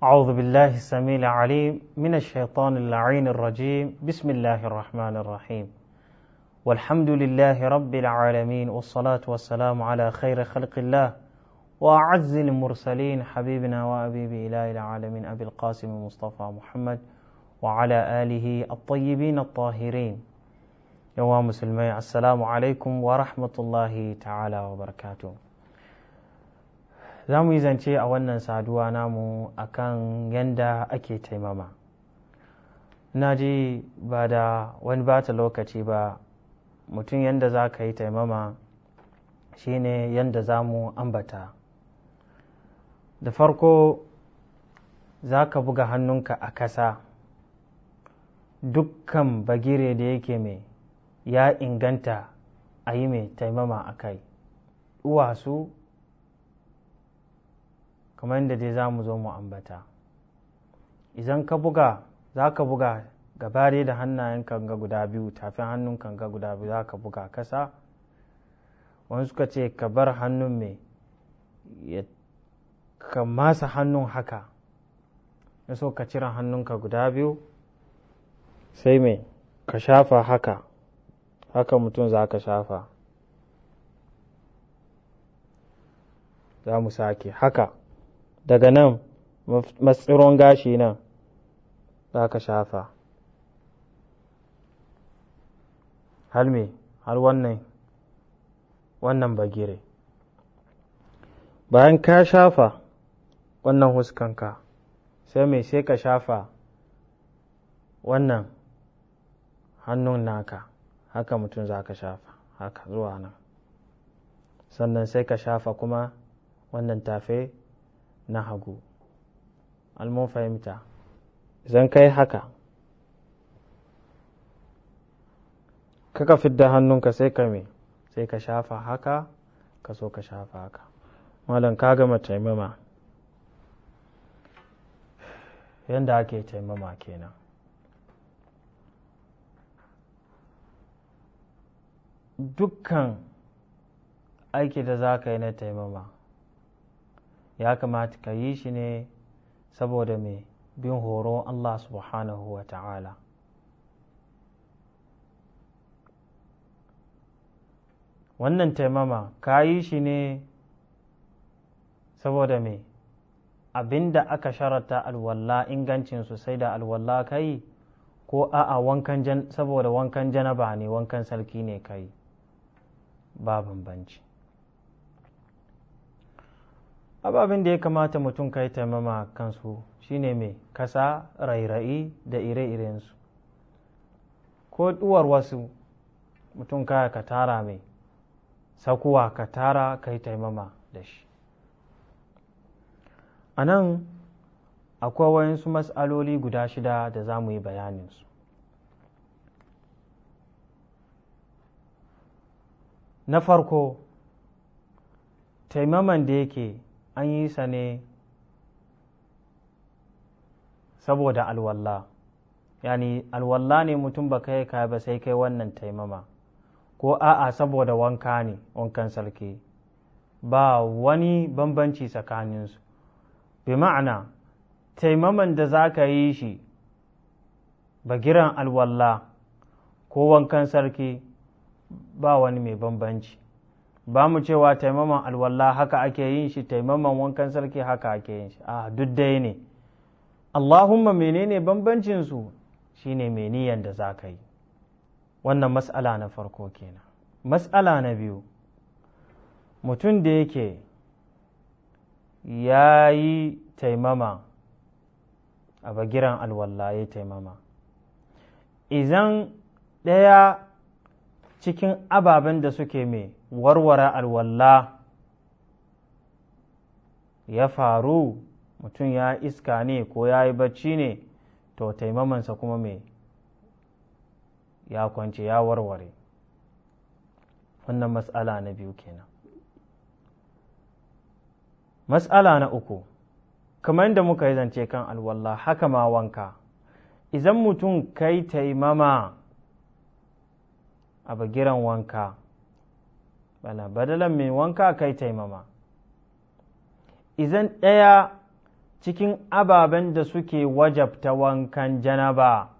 أعوذ بالله السميع العليم من الشيطان اللعين الرجيم بسم الله الرحمن الرحيم والحمد لله رب العالمين والصلاة والسلام على خير خلق الله وأعز المرسلين حبيبنا وأبيب إله العالمين أبي القاسم المصطفى محمد وعلى آله الطيبين الطاهرين يوم مسلمي السلام عليكم ورحمة الله تعالى وبركاته za mu yi zance a wannan saduwa namu a akan yanda ake taimama na ji ba da wani bata lokaci ba mutum yadda za ka yi taimama shine yadda za mu ambata da farko za ka buga hannunka a ƙasa. dukkan bagire da yake mai ya inganta a yi mai taimama a kai duwatsu kamar yadda dai za mu zo mu ambata idan ka buga za ka buga gabare da hannayen kanga guda biyu tafin hannun kanga guda biyu za ka buga kasa wani suka ce ka bar hannun mai ya ka masa hannun haka ya so ka cire hannunka guda biyu sai mai ka shafa haka haka mutum za ka shafa za mu sake haka daga nan matsiron gashi nan za ka shafa halme har wannan wannan bagire bayan ka shafa wannan huskanka sai mai sai ka shafa wannan hannun naka haka mutum za ka shafa haka zuwa nan sannan sai ka shafa kuma wannan tafe na hagu almon fahimta zan kai haka kaka fidda hannunka sai ka me sai ka shafa haka ka so ka shafa haka malam ka gama taimama yadda ake taimama kenan dukkan aiki da za ka yi na taimama ya kamata ka yi shi ne saboda mai bin horo Allah subhanahu wa ta'ala wannan taimama ka yi shi ne saboda mai abinda aka sharata alwalla ingancinsu sai da alwala ka yi ko a'a wankan saboda wankan janaba ne wankan sarki ne ka yi ba bambanci Ababin da ya kamata mutum ka yi taimama kansu shine mai kasa rairayi da ire-irensu ko duwar wasu mutum kaya ka tara mai sakuwa ka tara ka yi taimama da shi a nan akwai wayansu matsaloli guda shida da za mu yi bayaninsu na farko taimaman da yake an yi sa ne saboda alwalla yani alwalla ne mutum ba kai ka ba sai kai wannan taimama ko a'a saboda wanka ne wankan sarki ba wani bambanci tsakaninsu bi ma'ana taimaman da za ka yi shi ba giran alwalla ko wankan sarki ba wani mai bambanci ba mu cewa taimaman alwalla haka ake yin shi taimaman wankan sarki haka ake yin shi a duk dai ne allahumma menene bambancin su shine mai niyan da za ka yi wannan matsala na farko kenan matsala na biyu mutum da yake ya yi taimama a bagiran alwalla ya taimama idan ɗaya cikin ababen da suke mai warware alwalla ya faru mutum ya iska ne ko ya yi bacci ne to taimamansa kuma mai ya kwance ya warware wannan matsala na biyu kenan matsala na uku kamar yadda muka yi zance kan alwallah haka ma wanka idan mutum kai taimama a bagiran wanka bala badalan mai wanka kai taimama izan ɗaya cikin ababen da suke wajabta wankan janaba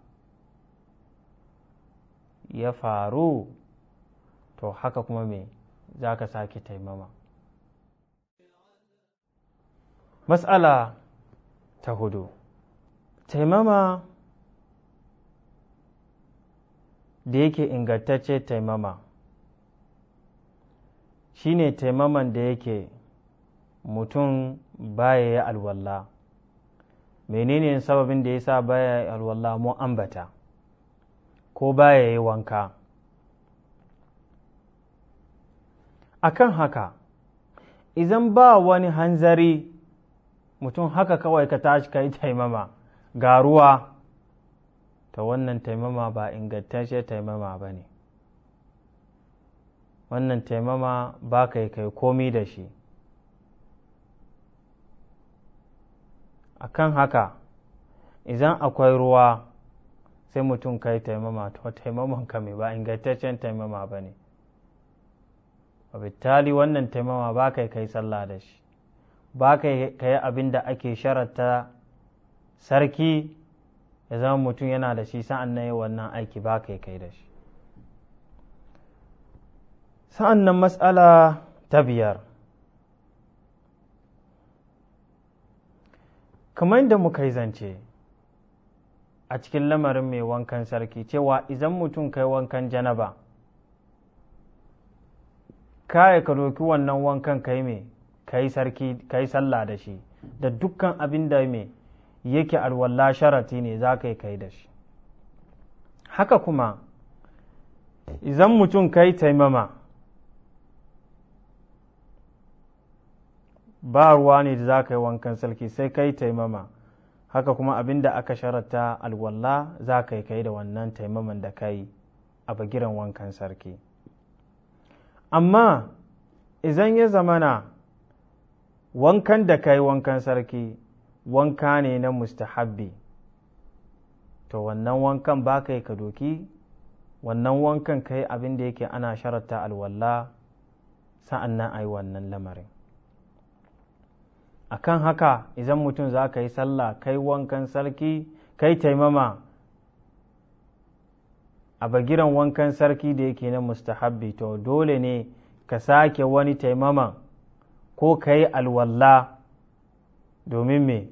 ya faru to haka kuma me za ka sake taimama matsala ta hudu taimama da yake ingantacce taimama Shi ne taimaman da yake mutum baya ya alwalla menene sababin da ya sa baya ya alwalla mu ambata ko baya yi wanka akan haka idan ba wani hanzari mutum haka kawai ka tashi ka yi taimama garuwa ta wannan taimama ba ingantacciyar taimama ba ne wannan taimama ba ka yi kai komi da shi akan haka idan akwai ruwa sai mutum kai taimama to taimaman ka mai ba ingantaccen taimama ba ne bittali wannan taimama ba kai kai sallah da shi ba kai kai abin da ake sharatta sarki ya zama mutum yana da shi sa'an nan yi wannan aiki ba kai kai da shi sa'an nan matsala ta biyar kamar da muka yi zance a cikin lamarin mai wankan sarki cewa izan mutum kai wankan janaba kaya ka roki wannan wankan kai mai kai sarki kai sallah da shi da dukkan abin da mai yake alwala sharati ne za ka yi kai da shi haka kuma izan mutum kai taimama ba ruwa ne da za ka yi wankan sarki sai kai taimama haka kuma abin da aka sharatta alwalla za ka yi kai da wannan taimaman da ka yi a bagiran wankan sarki amma idan ya zamana wankan da ka yi wankan sarki wanka ne na mustahabbi to wannan wankan ba ka yi ka doki wannan wankan kai yi abin da yake ana sharatta alwalla sa'an nan a yi wannan lamarin akan haka idan mutum za ka yi sallah kai wankan sarki kai taimama a bagiran wankan sarki da yake na mustahabbi to dole ne ka sake wani taimama ko ka yi alwalla domin mai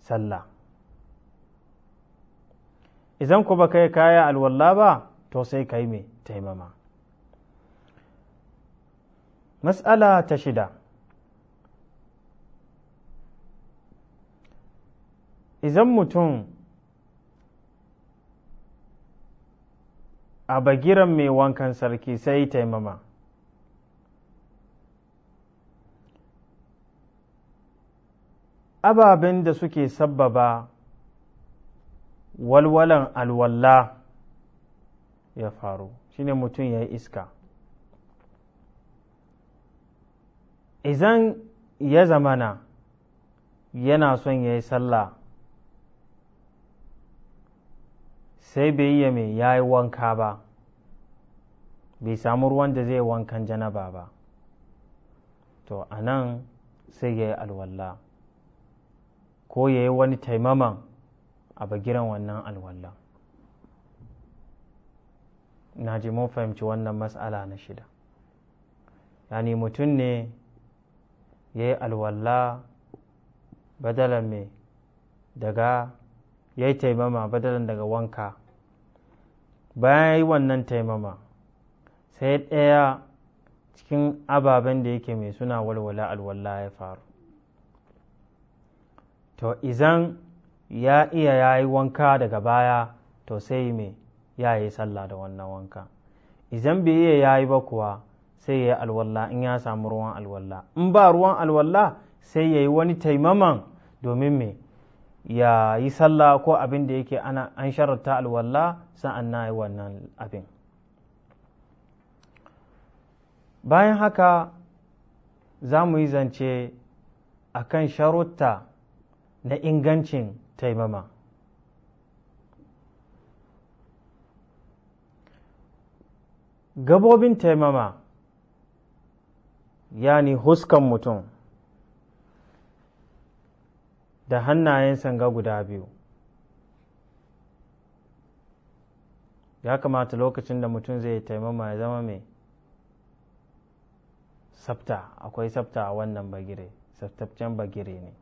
sallah idan ku ba yi kaya alwalla ba to sai ka yi mai taimama matsala ta shida idan mutum a bagiran mai wankan sarki sai taimama ababen da suke sabbaba walwalan alwalla ya faru shine mutum ya yi iska izan ya zamana yana son ya yi sallah sai bai yi mai ya yi wanka ba bai samu ruwan da zai wankan janaba ba to a nan sai ya yi alwalla ko ya yi wani taimaman a bagiran wannan alwalla na ji mun fahimci wannan matsala na shida yani mutum ne ya yi alwalla badalan mai daga ya yi taimama badalan daga wanka bayan yi wannan taimama sai ɗaya cikin ababen da yake mai suna walwala alwala ya faru to izan ya iya ya wanka daga baya to sai me ya yi sallah da wannan wanka izan bai iya ya yi ba kuwa sai ya yi alwala in ya samu ruwan alwala in ba ruwan alwala sai ya yi wani taimaman domin me ya yi sallah ko abin da yake an sharata alwalla sa'an na yi wannan abin bayan haka za mu yi zance a kan sharuta na ingancin taimama gabobin taimama yani huskan mutum da hannayen sanga guda biyu ya kamata lokacin da mutum zai taimama ya zama mai sabta akwai sabta a wannan bagire sabtaccen bagire ne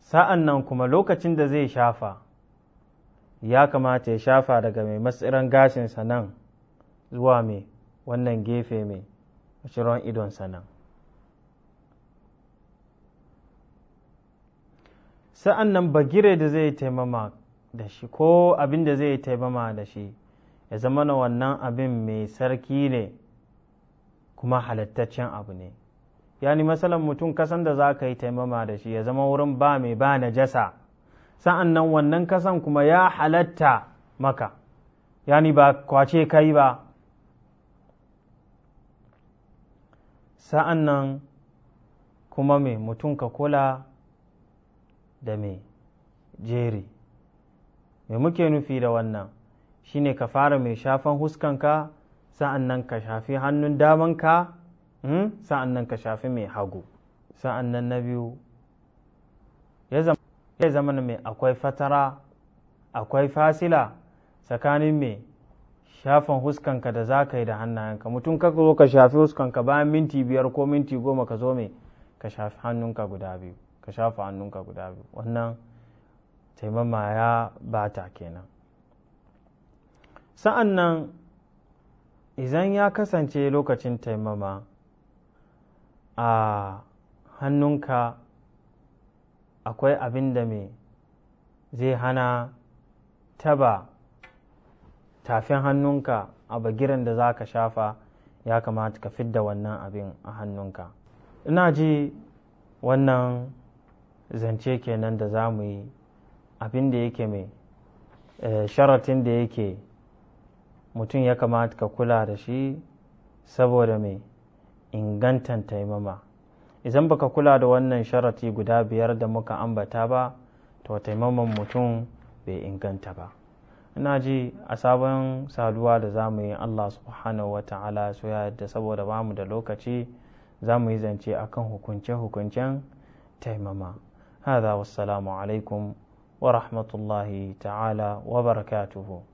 sa'an nan kuma lokacin da zai shafa ya kamata ya shafa daga mai matsiran gashinsa nan zuwa mai wannan gefe mai mashiron idonsa nan sa'an nan bagire da zai taimama da shi ko abin da zai taimama da shi ya zama na wannan abin mai sarki ne kuma halittaccen abu ne yani masalan mutum kasan da za ka yi taimama da shi ya zama wurin ba mai ba na jasa sa'an nan wannan kasan kuma ya halatta maka yani ba kwace kai ba sa'an nan kuma mai mutum ka kula da mai jeri me muke nufi da wannan shine ka fara mai shafan huskanka sa'an nan ka shafi hannun damanka hmm? sa'an nan ka shafi mai hagu sa'an nan na biyu ya zama mai akwai fatara akwai fasila tsakanin mai shafan huskanka da za ka yi da hannayenka mutum ka zo ka shafi huskanka bayan minti biyar ko minti goma ka zo mai ka shafi hannunka guda biyu ka shafa hannunka guda biyu wannan taimama ya bata kenan sa'an nan idan ya kasance lokacin taimama a hannunka akwai abin da mai zai hana taba tafin hannunka a bagiran da za ka shafa ya kamata ka fidda wannan abin a hannunka ina ji wannan zance kenan da za mu yi abin da yake mai eh, sharatin da yake mutum ya kamata ka kula da shi saboda mai ingantan taimama idan baka kula da wannan sharati guda biyar da muka ambata ba to taimaman mutum bai inganta ba ina ji a sabon saduwa da za mu yi allah subhanahu wa ta'ala soya yadda saboda bamu da lokaci za mu yi zance akan hukunce-hukuncen taimama هذا والسلام عليكم ورحمة الله تعالى وبركاته